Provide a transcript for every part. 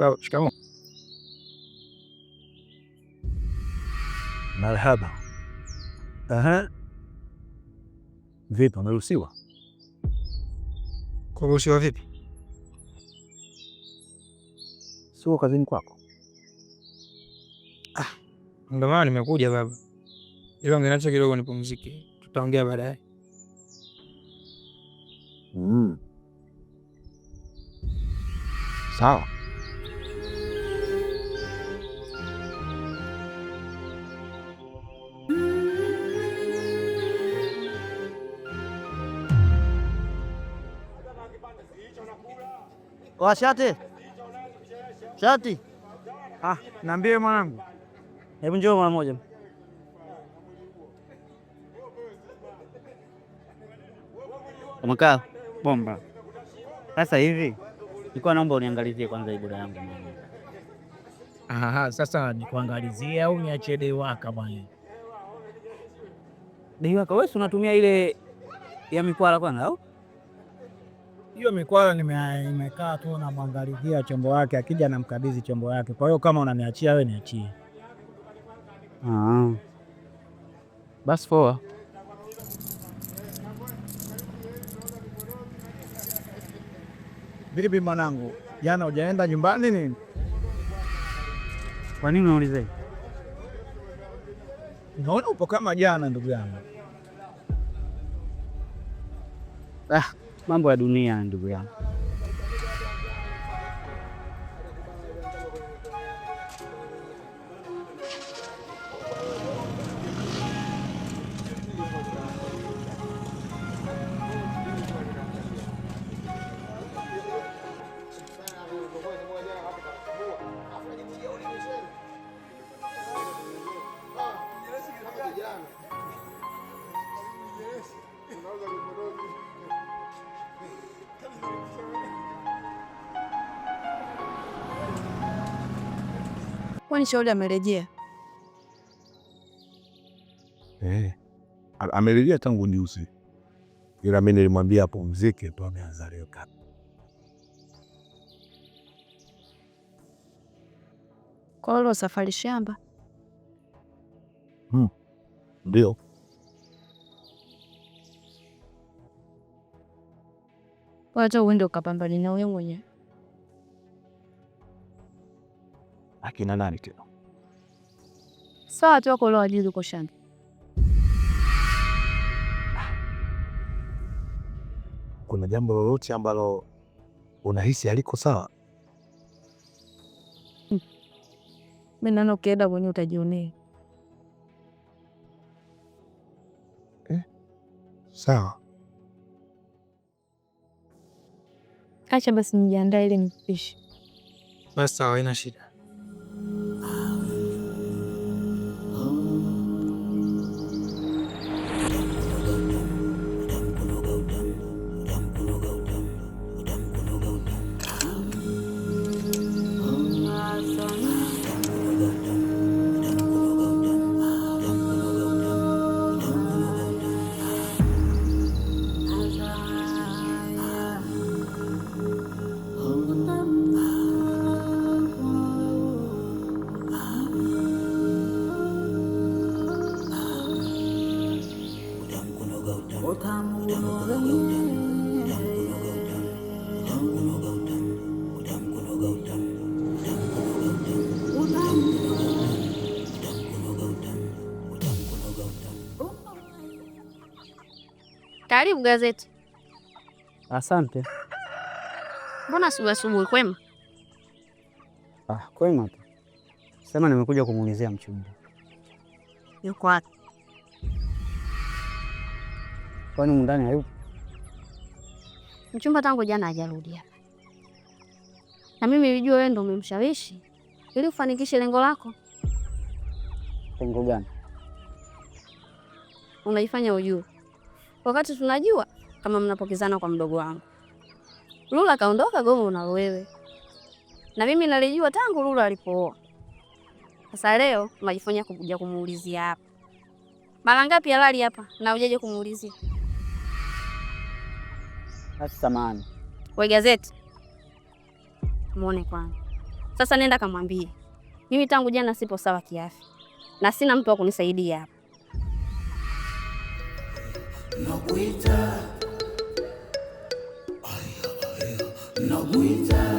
Sawa, shikamoo. Marhaba. Aha, vipi, umeruhusiwa? Kuruhusiwa vipi? Sio kazini kwako? Ah, ndio maana nimekuja baba, ila ngenacho kidogo nipumzike, tutaongea baadaye. Mm. Sawa. Wa oh, shati shati. Ah, niambie mwanangu, hebu njoo mara moja. Umekaa bomba. Sasa hivi nilikuwa naomba uniangalizie kwanza ibada yangu. Aha, sasa nikuangalizie au niache deiwaka bwana? waka wewe unatumia ile ya mikwala kwanza au? hiyo mikwala nimekaa tu namwangalikia chombo wake, akija namkabidhi chombo wake. Kwa hiyo kama unaniachia wewe, niachie. Ah. Basi poa. Vipi mwanangu, jana hujaenda nyumbani nini? Kwa nini unauliza? Naona upo kama jana, ndugu yangu. Ah mambo ya dunia, ndugu yangu. Kwani Shauri amerejea? Hey, eh, amerejea tangu juzi, ila mimi nilimwambia apumzike ndo ameanza leo. Kwa hilo safari shamba hmm, ndio. Hmm. Wacha uende ukapambane na wewe mwenyewe. akina nani tena? Sawa tu wako leo ajili uko shamba. Kuna jambo lolote ambalo unahisi aliko sawa? Mimi hmm. naona ukienda kwenye utajionea. Eh, sawa. Acha basi nijiandae ili nipishe. Basi sawa, haina shida. Karibu gazeti. Asante. Mbona asubuhi asubuhi, kwema? Ah, kwema tu. Sema nimekuja kumuulizia mchumba. Yuko wapi? Kwani mundani hayupo? Mchumba tangu jana hajarudi hapa, na mimi nilijua wewe ndio umemshawishi ili ufanikishe lengo lako. Lengo gani? Unaifanya ujue wakati tunajua kama mnapokezana kwa mdogo wangu. Lula kaondoka, gomo unalo wewe, na mimi nalijua tangu Lula alipooa. Sasa leo unajifanya kuja kumuulizia hapa. Mara ngapi alali hapa na ujaje kumuulizia? samani. we gazeti muone kwanza. Sasa nenda kamwambie mimi tangu jana sipo sawa kiafya na sina mtu wa kunisaidia hapa. nakuita, nakuita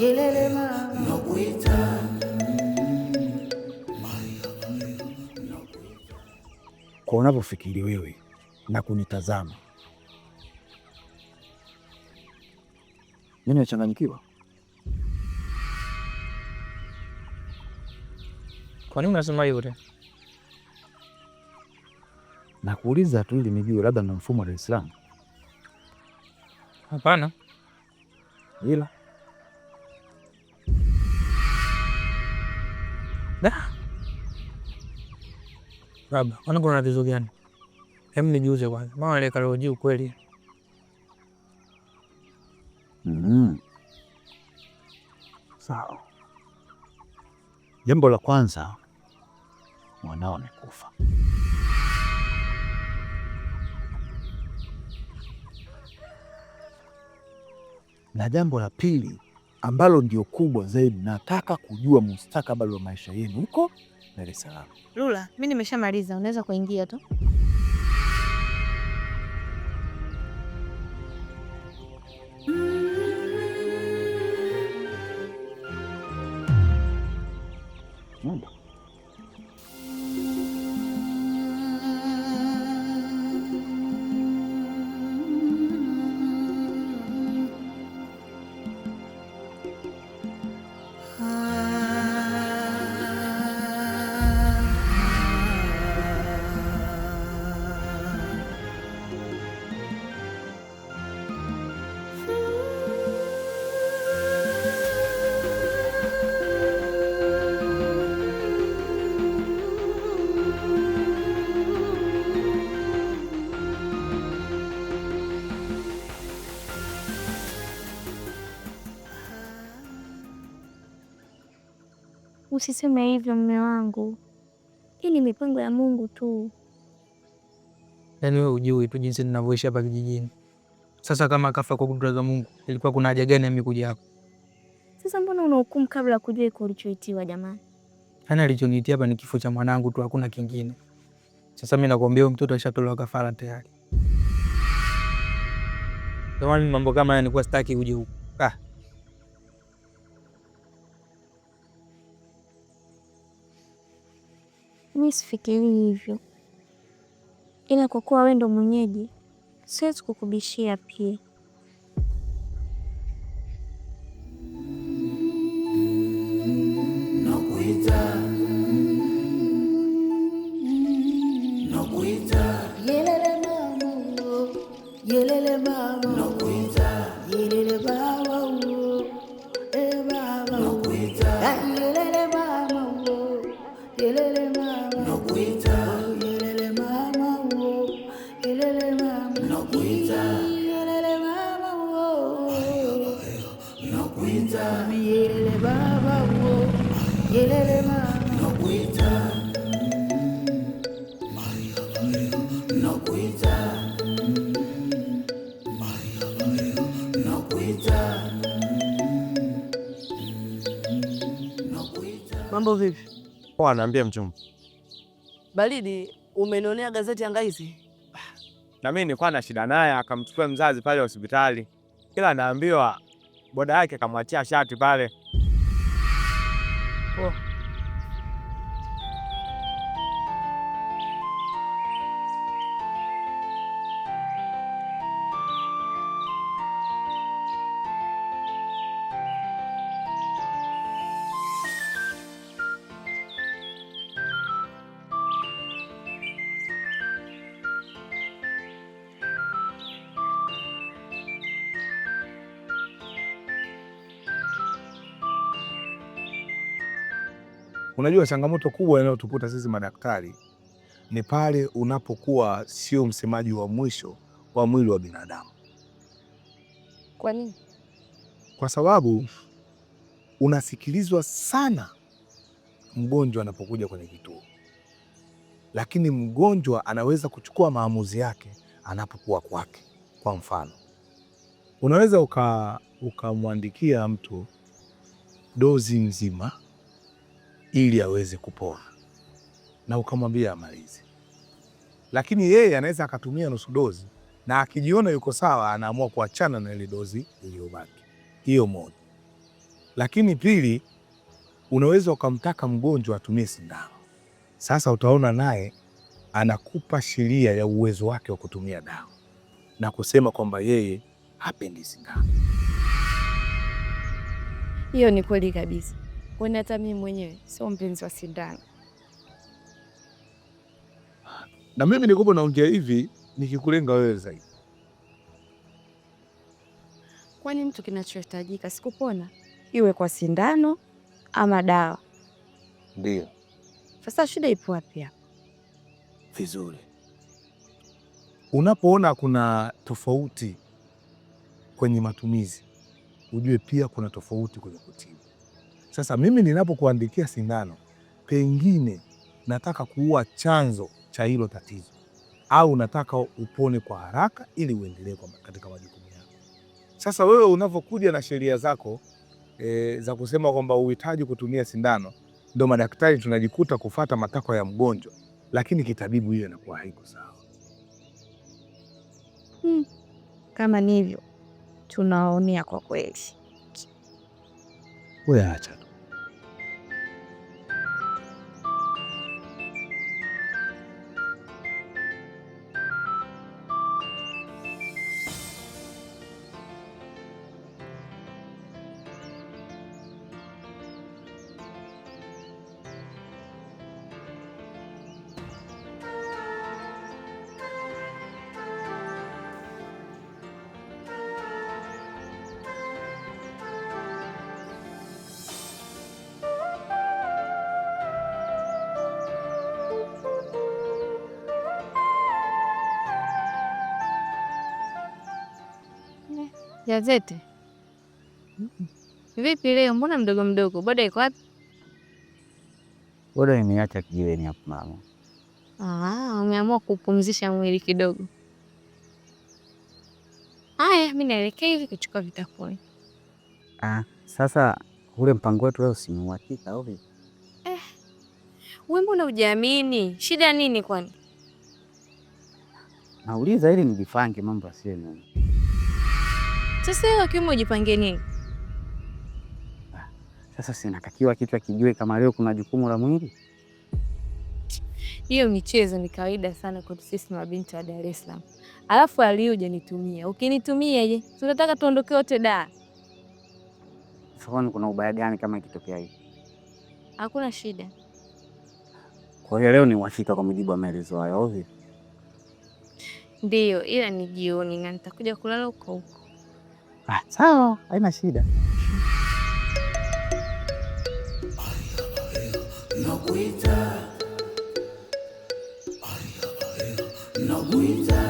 Yelele mama nakuita. Kwa unavyofikiri wewe na kunitazama, nini achanganyikiwa? Kwa nini unasema yule? Nakuuliza tu ili nijue, labda na mfumo wa Dar es Salaam. Hapana, ila Baba, wanangu wana tatizo gani? Hem, nijuze kwanza, maana aleka leo juu kweli. Mm-hmm. Sawa. Jambo la kwanza mwanao amekufa. Na jambo la pili ambalo ndio kubwa zaidi. Nataka kujua mustakabali wa maisha yenu huko Dar es Salaam. Lula, mi nimeshamaliza, unaweza kuingia tu. Mungu. usiseme hivyo mme wangu, hii ni mipango ya Mungu tu. Yaani wewe ujui tu jinsi ninavyoishi hapa kijijini. Sasa kama kafa kwa kudura za Mungu, ilikuwa kuna haja gani mimi kuja hapa? Sasa mbona hukumu kabla ya kujua iko ulichoitiwa? Jamani, yaani alichoniitia hapa ni kifo cha mwanangu tu, hakuna kingine. Sasa mimi nakuambia huyo mtoto ashatolewa kafara tayari. Jamani, mambo kama haya nilikuwa sitaki uje huku. Ah. Mimi sifikiri hivyo, ila kwa kuwa wewe ndo mwenyeji siwezi kukubishia pia. Mambo vipi? Poa, naambia mchumba. Baridi, umenionea gazeti Angaizi? Na mimi nilikuwa na shida naye, akamchukua mzazi pale hospitali, kila naambiwa boda yake akamwachia shati pale Unajua, changamoto kubwa inayotukuta sisi madaktari ni pale unapokuwa sio msemaji wa mwisho wa mwili wa binadamu. Kwa nini? Kwa sababu unasikilizwa sana mgonjwa anapokuja kwenye kituo, lakini mgonjwa anaweza kuchukua maamuzi yake anapokuwa kwake. Kwa mfano, unaweza ukamwandikia uka mtu dozi nzima ili aweze kupona, na ukamwambia amalize. Lakini yeye anaweza akatumia nusu dozi na akijiona yuko sawa, anaamua kuachana na ile dozi iliyobaki. Hiyo moja. Lakini pili, unaweza ukamtaka mgonjwa atumie sindano. Sasa utaona naye anakupa sheria ya uwezo wake wa kutumia dawa na kusema kwamba yeye hapendi sindano. Hiyo ni kweli kabisa. Kwani hata mimi mwenyewe sio mpenzi wa sindano. Na mimi nikupo naongea hivi nikikulenga wewe zaidi. Kwani mtu kinachohitajika sikupona, iwe kwa sindano ama dawa? Ndio. Sasa shida ipo wapi hapo? Vizuri, unapoona kuna tofauti kwenye matumizi, ujue pia kuna tofauti kwenye kutibu. Sasa mimi ninapokuandikia sindano, pengine nataka kuua chanzo cha hilo tatizo, au nataka upone kwa haraka ili uendelee katika majukumu yako. Sasa wewe unavyokuja na sheria zako e, za kusema kwamba uhitaji kutumia sindano, ndo madaktari tunajikuta kufata matakwa ya mgonjwa, lakini kitabibu hiyo inakuwa haiko sawa. Hmm, kama nivyo tunaonea kwa kweli. Wewe acha Zete. vipi leo? Mbona mdogo mdogo? Boda iko wapi? Boda imeacha kijiweni hapo mama. Ah, umeamua kupumzisha mwili kidogo. Haya, mimi naelekea hivi kuchukua vitafuni. Ah, sasa ule mpango wetu leo simeuhakika au vipi? Eh, wewe mbona hujaamini? Shida nini kwani? Nauliza ili nijifange mambo asiye nini. Sasa wewe kiume ujipange nini? Ah, sasa sinatakiwa kichwa kijue kama leo kuna jukumu la mwili. Hiyo michezo ni kawaida sana kwa sisi mabinti wa Dar es Salaam. Alafu alio janitumia, ukinitumia je, tunataka tuondoke wote da. Sasa kuna ubaya gani kama ikitokea hivi? Hakuna shida. Kwa hiyo leo ni washika kwa mujibu wa maelezo hayo, au Ndio, ila ni jioni na nitakuja kulala huko huko. Ah, sawa, haina shida. Nakuita, nakuita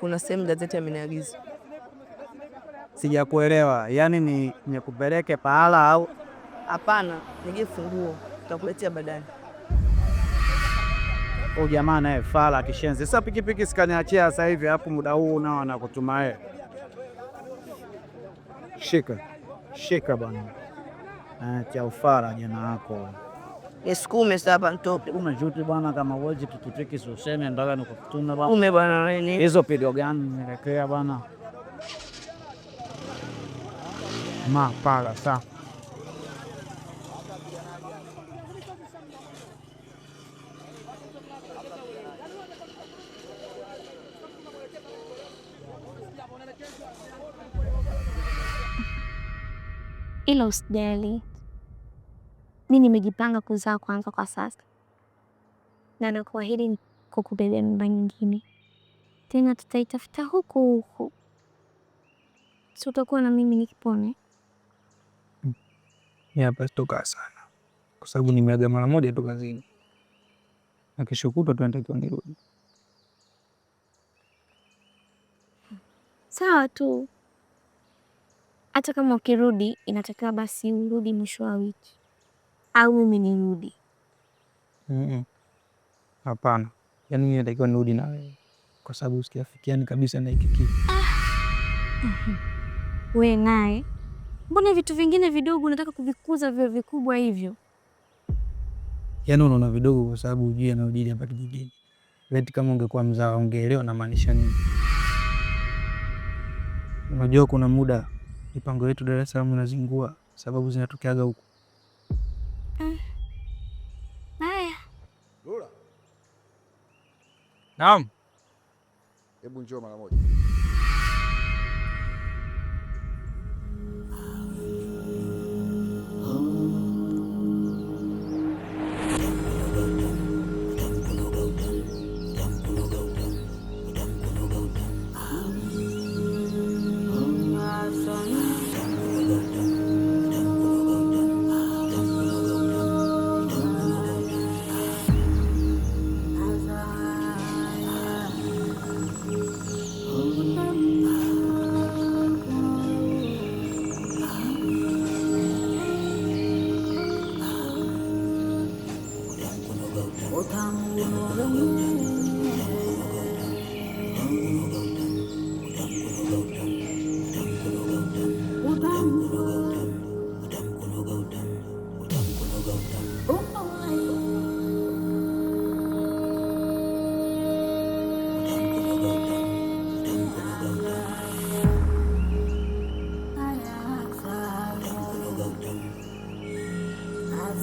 kuna sehemu gazeti ameniagiza. Sijakuelewa, yaani ni nikupeleke pahala au hapana? nige funguo tutakuletea baadaye. Oh, jamaa naye eh, fala kishenzi. Sasa pikipiki sikaniachia sasa hivi, hapo muda huu nao anakutuma yeye. Eh. Shika shika bwana, acha eh, ufala jana wako. Nisukume sasa nitoke. Umejuti bwana, kama uwezi tututiki suseme mpaka nikukutuna bwana. Ume bwana wewe. Hizo pigo gani nielekea bwana? Mapala saa ila usijali mi nimejipanga kuzaa kwanza kwa sasa, na nakuahidi kukubebea mimba nyingine tena, tutaitafuta huku huku, si utakuwa na mimi nikipone hapa sitokaa sana kwa sababu nimeaga mara moja tu kazini, na kesho kutwa tunatakiwa nirudi. Sawa tu, hata kama ukirudi inatakiwa basi urudi mwisho wa wiki au mimi nirudi? Hapana, yaani mimi natakiwa nirudi na wewe kwa sababu sikiafikiani kabisa na hiki kitu. Ah. We naye, mbona vitu vingine vidogo unataka kuvikuza vio vikubwa hivyo? Yaani unaona vidogo kwa sababu hujui yanayojiri hapa kijijini. Leti yaani kama ungekuwa mzawa ungeelewa namaanisha nini. Unajua kuna muda mipango yetu Dar es Salaam inazingua, sababu zinatokeaga huku Naam. Hebu njoo mara moja.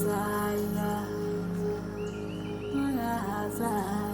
Azaya, my Azaya.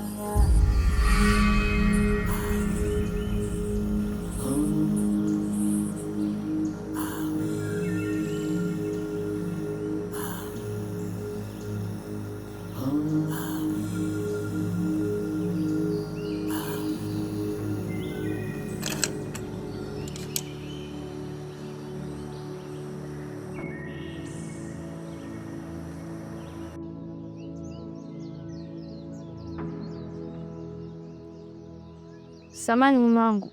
Samani mume wangu,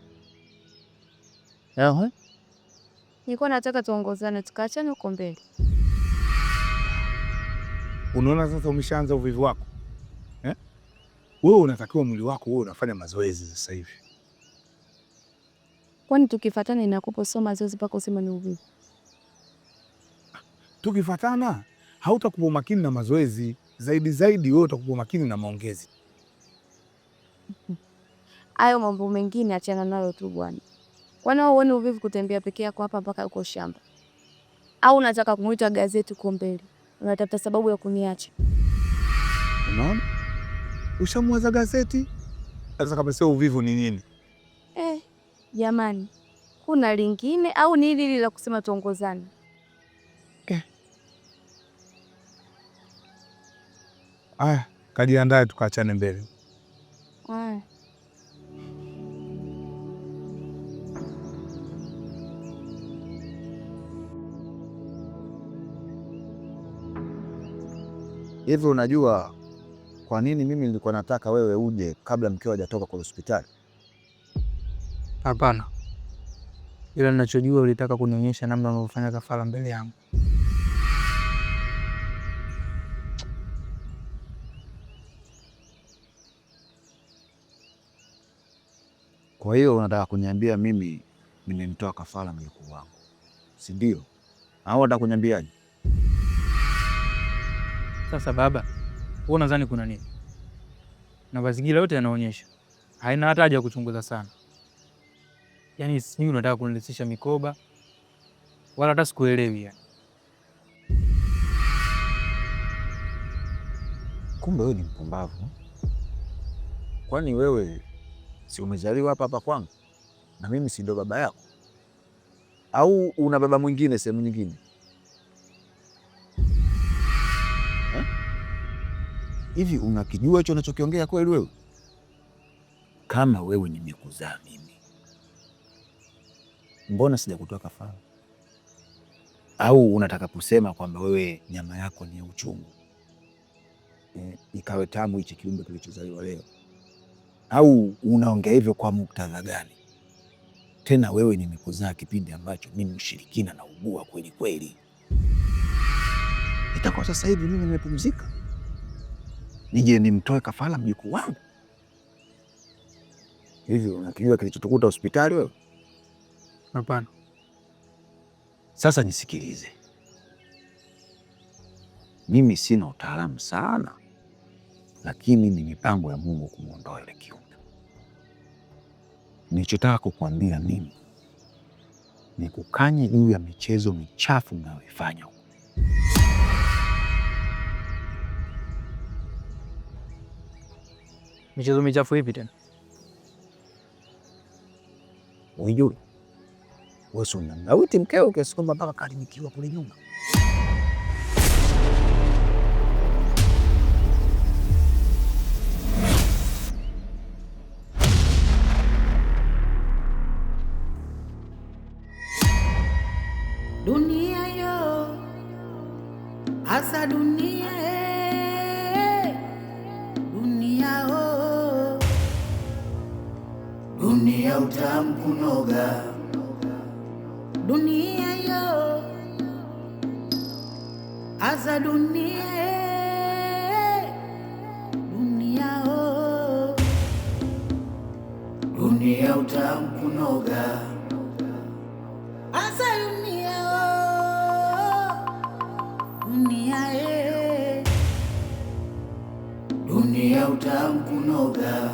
Niko nataka tuongozane tukaachane huko mbele. Unaona sasa umeshaanza uvivu wako eh? Wewe unatakiwa mwili wako wewe unafanya mazoezi sasa hivi. Kwani tukifatana inakupa sio mazoezi mpaka usema ni uvivu? Tukifatana hautakuwa makini na mazoezi zaidi zaidi, wewe utakuwa makini na maongezi. Hayo mambo mengine achana nayo tu bwana. Kwani wewe uone uvivu kutembea peke yako hapa mpaka uko shamba? Au unataka kumuita gazeti uko mbele? Unatafuta sababu ya kuniacha. Unaona? Ushamwaza gazeti? Sasa kama sio uvivu ni nini? Eh, jamani. Kuna lingine au ni hili la kusema tuongozane? Eh. Aya, kajiandae tukaachane mbele. Aya. Hivi unajua kwa nini mimi nilikuwa nataka wewe uje kabla mkeo hajatoka kwa hospitali? Hapana, ila ninachojua ulitaka kunionyesha namna unavyofanya kafara mbele yangu. Kwa hiyo unataka kuniambia mimi nimemtoa kafara mjukuu wangu, si ndio? Au unataka kuniambiaje? Sasa baba, wewe unadhani kuna nini? Na mazingira yote yanaonyesha haina hata haja ya kuchunguza sana. Yaani sijui unataka kunilisisha mikoba, wala hata sikuelewi yani. Kumbe wewe ni mpumbavu. Kwani wewe si umezaliwa hapa hapa kwangu, na mimi si ndo baba yako? Au una baba mwingine sehemu nyingine? hivi unakijua hicho unachokiongea kweli wewe? Kama wewe nimekuzaa mimi, mbona sijakutoa kafara? Au unataka kusema kwamba wewe nyama yako ni ya uchungu e, ikawe tamu hichi kiumbe kilichozaliwa leo? Au unaongea hivyo kwa muktadha gani? Tena wewe nimekuzaa kipindi ambacho mimi ushirikina na ugua kweli kweli. Itakuwa sasa hivi mimi nimepumzika nije nimtoe kafara mjukuu wangu? Hivi unakijua kilichotukuta hospitali wewe? Hapana. Sasa nisikilize, mimi sina utaalamu sana, lakini ni mipango ya Mungu kumwondoa yule kiumbe. Nilichotaka kukuambia mimi ni kukanye juu ya michezo michafu mnayoifanya huko. Michezo michafu ipi tena? Uijui wewe, si una mauti mkeo kiasi kwamba mpaka karimikiwa kule nyuma dunia utamkunoga, dunia yo aza dunia dunia utamkunoga asa dunia o dunia e dunia utamkunoga